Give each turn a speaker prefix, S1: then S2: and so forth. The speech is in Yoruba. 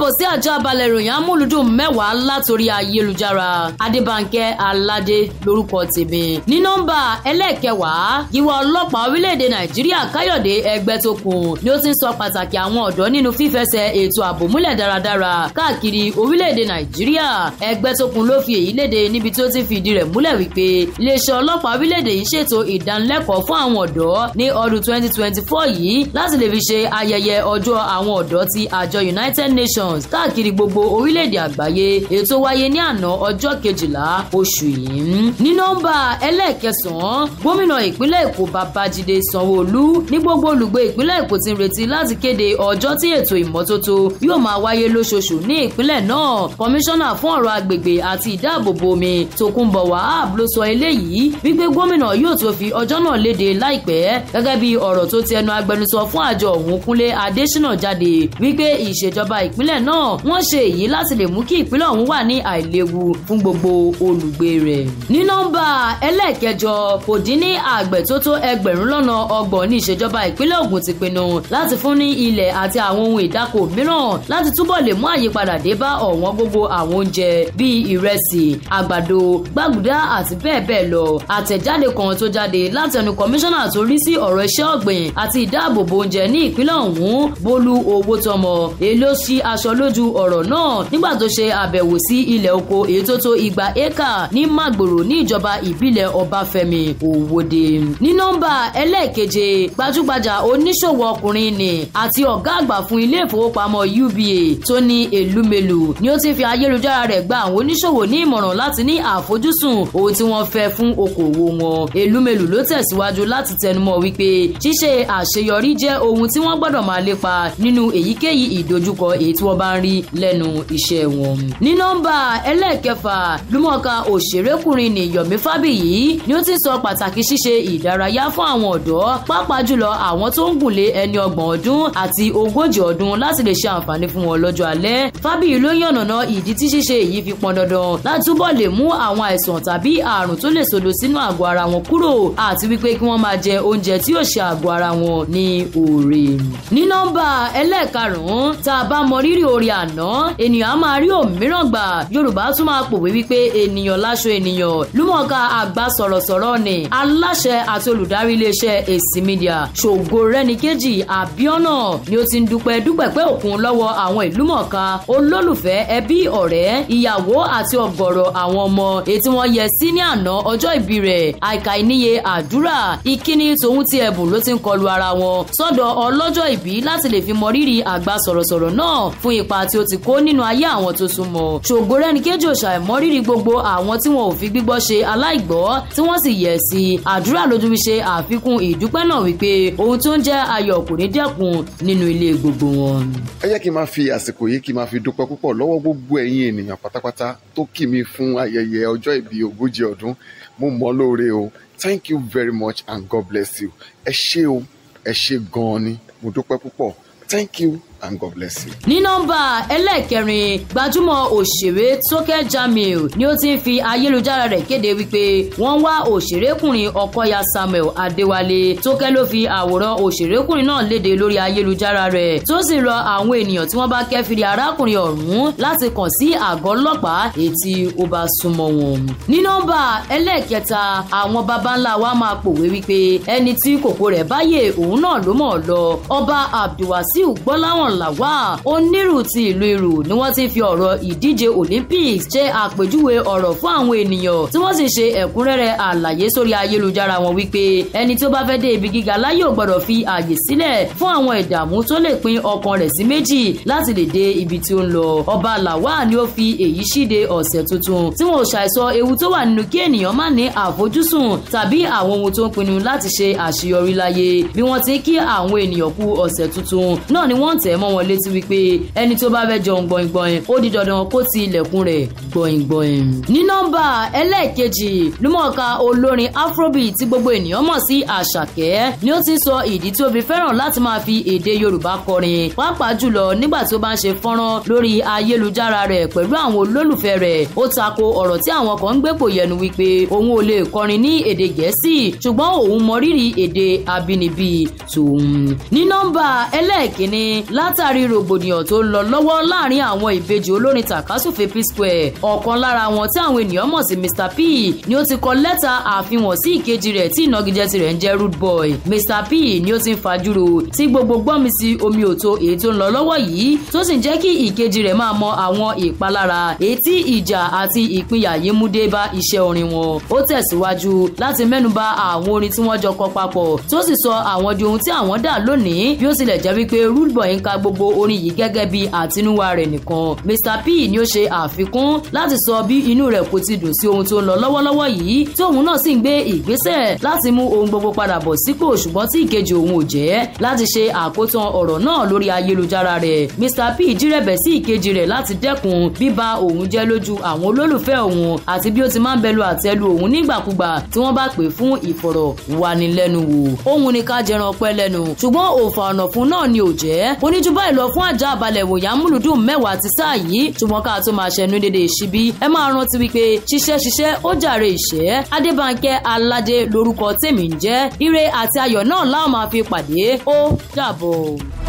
S1: káàbọ̀ sí àjọ abalẹ̀ ìròyìn amúlùdùn mẹ́wàá látòrí ayélujára adébànkẹ́ aládé lórúkọ tèmi ní nọ́mbà ẹlẹ́ẹ̀kẹwàá gíwá ọlọ́pàá orílẹ̀-èdè nàìjíríà káyọ̀dé ẹgbẹ́tókun ni ó ti ń sọ pàtàkì àwọn ọ̀dọ́ nínú fífẹsẹ̀ ètò ààbò múlẹ̀ dáradára káàkiri orílẹ̀-èdè nàìjíríà ẹgbẹ́tókun ló fi èyí léde níbi tí ó ti fìdí rẹ̀ múlẹ̀ wípé iléeṣẹ́ ọlọ́pàá orílẹ̀-èdè yìí ṣètò ìdánilẹ́kọ̀ọ́ fún àwọn ọ̀dọ́ ní ọdún 2024 yìí láti lè fi ṣe ayẹyẹ ọjọ́ àwọn ọ̀dọ́ ti àjọ United Nations Nations káàkiri gbogbo orílẹ̀-èdè àgbáyé ètò wáyé ní àná ọjọ́ kejìlá oṣù yìí. ní nọ́mbà ẹlẹ́ẹ̀kẹsàn-án gómìnà ìpínlẹ̀ Èkó Babájídé Sanwó-Olú ní gbogbo olùgbé ìpínlẹ̀ Èkó ti ń retí láti kéde ọjọ́ tí ètò ìmọ́tótó yóò máa wáyé lóṣooṣù ní ìpínlẹ̀ náà kọmíṣánná fún ọ̀rọ̀ agbègbè àti ìdáàbòbò omi Tókunbọ̀ Wahab ló sọ eléyìí wípé gómìnà yóò tó fi ọjọ́ náà léde láìpẹ́ gẹ́gẹ́ bí ọ̀rọ̀ tó ti ẹnu agbẹnusọ fún àjọ òun Kúnlé Adéṣínà jáde wípé ìṣèjọba ìpínlẹ̀ bẹ́ẹ̀ náà wọ́n ṣe èyí láti lè mú kí ìpínlẹ̀ ọ̀hún wà ní àìléwu fún gbogbo olùgbé rẹ̀. ní nọ́mbà ẹlẹ́ẹ̀kẹjọ kò dín ní àgbẹ̀ tó tó ẹgbẹ̀rún lọ́nà ọgbọ̀n ní ìṣèjọba ìpínlẹ̀ Ògùn ti pinnu láti fún ní ilẹ̀ àti àwọn ohun ìdáko mìíràn láti túbọ̀ lè mú àyípadà dé bá ọ̀wọ́n gbogbo àwọn oúnjẹ bíi ìrẹsì àgbàdo gbàgùdá àti bẹ́ẹ̀ bẹ́ẹ̀ lọ àtẹ̀jáde kan tó jáde látẹnu kọmíṣánná tó rí sí ọ̀rọ̀ iṣẹ́ ọ̀gbìn àti ìdáàbòbò oúnjẹ ní ìpínlẹ̀ ọ̀hún Bólú Owótọ́mọ èló sí aṣọ sọ lójú ọ̀rọ̀ náà nígbà tó ṣe àbẹ̀wò sí ilẹ̀ oko èyí tó tó igba éka ní Magboro ní ìjọba ìbílẹ̀ Ọbáfẹ́mi Òwòde. ní nọ́mbà ẹlẹ́ẹ̀keje gbajúgbajà oníṣòwò ọkùnrin ni àti ọ̀gá àgbà fún ilé ìfowópamọ́ UBA Tony Elumelu ni ó ti fi ayélujára rẹ̀ gba àwọn oníṣòwò ní ìmọ̀ràn láti ní àfojúsùn ohun tí wọ́n fẹ́ fún okòwò wọn. Elumelu ló tẹ̀síwájú láti tẹnumọ́ wípé ṣíṣe àṣeyọrí jẹ́ ohun tí wọ́n gbọ́dọ̀ máa lépa nínú èyíkéyìí ìdojúkọ èyí tí wọ́n bá ń rí lẹ́nu iṣẹ́ wọn. ní nọ́mbà ẹlẹ́ẹ̀kẹfà lúmọ̀ọ́ká òṣèrékùnrin ni Yomi Fabiyi ni ó ti sọ pàtàkì ṣíṣe ìdárayá fún àwọn ọ̀dọ́ pàápàá jùlọ àwọn tó ń gùn lé ẹni ọgbọ̀n ọdún àti ogójì ọdún láti lè ṣe àǹfààní fún wọn lọ́jọ́ alẹ́ Fabiyi ló yànnàná ìdí tí ṣíṣe èyí fi pọn dandan láti túbọ̀ lè mú àwọn àìsàn tàbí àrùn tó lè sodo sínú àgọ́ ara wọn kúrò àti wípé kí wọ́n máa jẹ oúnjẹ tí yóò ṣe àgọ́ ara wọn ní òòrè. ní nọ́mbà ẹlẹ́ẹ̀karùn-ún tá a bá mọ rírì lórí orin àná ènìyàn á máa rí òmíràn gbà yorùbá tún máa pòwe wípé ènìyàn láṣọ ènìyàn lúmọ̀ọ́ká àgbà sọ̀rọ̀sọ̀rọ̀ ni aláṣẹ àti olùdarí iléeṣẹ́ èsì mídíà ṣògo rẹ́nìkejì àbíọ́nà ni ó ti ń dúpẹ́ dúpẹ́ pé òkun lọ́wọ́ àwọn ìlúmọ̀ọ́ká olólùfẹ́ ẹbí ọ̀rẹ́ ìyàwó àti ọ̀gọ̀rọ̀ àwọn ọmọ ètí wọn yẹ sí ní àná ọjọ́ ìbí rẹ̀ àìkà ìníye àdúrà ìkíni tòun ti ẹ̀bùn ló ti ń kọlu fún ipa tí ó ti kó nínú ayé àwọn tó súnmọ́ Ṣògorẹ́nìkejì ò ṣàìmọrírì gbogbo àwọn tí wọn ò fi gbígbọ́ ṣe aláìgbọ́ tí wọ́n sì yẹ̀ sí i àdúrà lójú fi ṣe àfikún ìdúpẹ́ náà wípé ohun tó ń jẹ́ ayọ̀ kò ní dẹ́kun nínú ilé gbogbo wọn. ẹ jẹ́ kí n máa fi àsìkò yìí kí n máa fi dúpẹ́ púpọ̀ lọ́wọ́ gbogbo ẹ̀yin ènìyàn pátápátá tó kì mí fún ayẹyẹ ọjọ́ ìbí ogójì ọdún mo mọ́ lóore o thank you very much and God bless you ẹ ṣé o ẹ ṣé gan-an ni mo dúpẹ́ púpọ̀ thank you and God bless you. ní nọ́mbà ẹlẹ́ẹ̀kẹrin gbajúmọ̀ òṣèré tókẹ́ Jamil ni ó ti ń fi ayélujára rẹ̀ kéde wípé wọ́n wá òṣèrékùnrin ọkọ̀ya Samuel Adéwálé tókẹ́ ló fi àwòrán òṣèrékùnrin náà léde lórí ayélujára rẹ̀ tó sì rọ àwọn ènìyàn tí wọ́n bá kẹ́fìrí arákùnrin ọ̀hún láti kàn sí àgọ́ ọlọ́pàá ètí ó bá súnmọ́ wọn. ní nọ́mbà ẹlẹ́ẹ̀kẹta àwọn baba wa máa pòwe wípé ẹni tí kòkó rẹ̀ báyè òun náà ló mọ̀ lọ ọba Abdulwasiu Gbọ́láhàn Sultan Lawal onírù ti ìlú Irù ni wọ́n ti fi ọ̀rọ̀ ìdíje Olympics ṣe àpèjúwe ọ̀rọ̀ fún àwọn ènìyàn tí wọ́n sì ṣe ẹ̀kúnrẹ́rẹ́ àlàyé sórí ayélujára wọn wípé ẹni tí ó bá fẹ́ dé ibi gíga láyé ò gbọ́dọ̀ fi ààyè sílẹ̀ fún àwọn ìdààmú tó lè pin ọkàn rẹ̀ sí méjì láti lè dé ibi tí ó ń lọ ọba Lawal ni ó fi èyí ṣíde ọ̀sẹ̀ tuntun tí wọn ò ṣàìsọ ewu tó wà nínú kí ènìyàn má ní àfojúsùn tàbí àwọn ohun tó ń pinnu láti ṣe àṣeyọrí láyé bí wọ́n ti ń kí àwọn ènìyàn kú ọ̀sẹ̀ tuntun náà ni wọ́n tẹ̀ mọ́ wọn létí wípé ẹni tó bá fẹ́ jọun gbọ̀ngbọ̀n ó di dandan kó ti ilẹ̀kùn rẹ̀ gbọ̀ngbọ̀n. ní nọ́mbà ẹlẹ́ẹ̀kejì lúmọ̀ọ́ká olórin afrobeat tí gbogbo ènìyàn mọ̀ sí àṣàkẹ́ ni ó ti sọ ìdí tí ó fi fẹ́ràn láti máa fi èdè yorùbá kọrin pàápàá jùlọ nígbà tí ó bá ń ṣe fọ́nrán lórí ayélujára rẹ̀ pẹ̀lú àwọn olólùfẹ́ rẹ̀ ó tako ọ̀rọ̀ tí àwọn kan ń gbépò yẹnu wípé òun ò lè kọrin ní èdè gẹ̀ẹ́sì ṣùgbọ́n òun mọrírì èdè abínibí tòun. ní nọ́mbà ẹlẹ́ẹ̀kínní lá látàrí rògbòdìyàn tó ń lọ lọ́wọ́ láàrin àwọn ìbejì olórin tàkásùfé P-Square ọ̀kan lára wọn tí àwọn ènìyàn mọ̀ sí Mr P ni ó ti kọ lẹ́tà àfihàn sí ìkejì rẹ̀ tí ìnagijẹ tirẹ̀ ń jẹ́ rude boy Mr P ni ó ti ń fajúro tí gbogbo gbọ́nmi sí omi òtó èyí tó ń lọ lọ́wọ́ yìí tó sì ń jẹ́ kí ìkejì rẹ̀ máa mọ àwọn ìpalára èyí tí ìjà àti ìpínyà yìí mú dé bá iṣẹ́ orin wọn ó tẹ̀síwájú láti mẹ́nuba àwọn orin tí wọ́n jọ kọ papọ̀ tó sì sọ àwọn di ohun tí àwọn dà lónìí bí ó tilẹ̀ jẹ́ wípé rude boy ń ka gbogbo orin yìí gẹ́gẹ́ bí àtinúwá rẹ̀ nìkan Mr P ni ó ṣe àfikún láti sọ bí inú rẹ̀ kò ti dùn sí ohun tó ń lọ lọ́wọ́lọ́wọ́ yìí tí òun náà sì ń gbé ìgbésẹ̀ láti mú ohun gbogbo padà bọ̀ sípò ṣùgbọ́n tí ìkejì òun ò jẹ́ láti ṣe àkótán ọ̀rọ̀ náà lórí ayélujára rẹ̀ Mr P jírẹ̀bẹ̀ sí ìkejì rẹ̀ láti dẹ́kun bíba òun jẹ́ lójú àwọn olólùfẹ́ òun àti bí ó ti máa ń bẹlu àtẹ́lu òun nígbàkúgbà tí wọ́n bá pè fún ìfọ̀rọ̀wánilẹ́nuwò òun ni ní ju báyìí lọ fún àjà àbálẹ̀ wòyá múlùdùn mẹ́wàá ti sáà yìí ṣùgbọ́n ká tó máa ṣẹnu dédé ìṣíbí ẹ máa rántí wípé ṣiṣẹ́ ṣiṣẹ́ ó jàre ìṣẹ́ adébánkẹ́ aládé lórúkọ tèmi ń jẹ́ ire àti ayọ̀ náà láwọn máa fi pàdé ó dàbọ̀.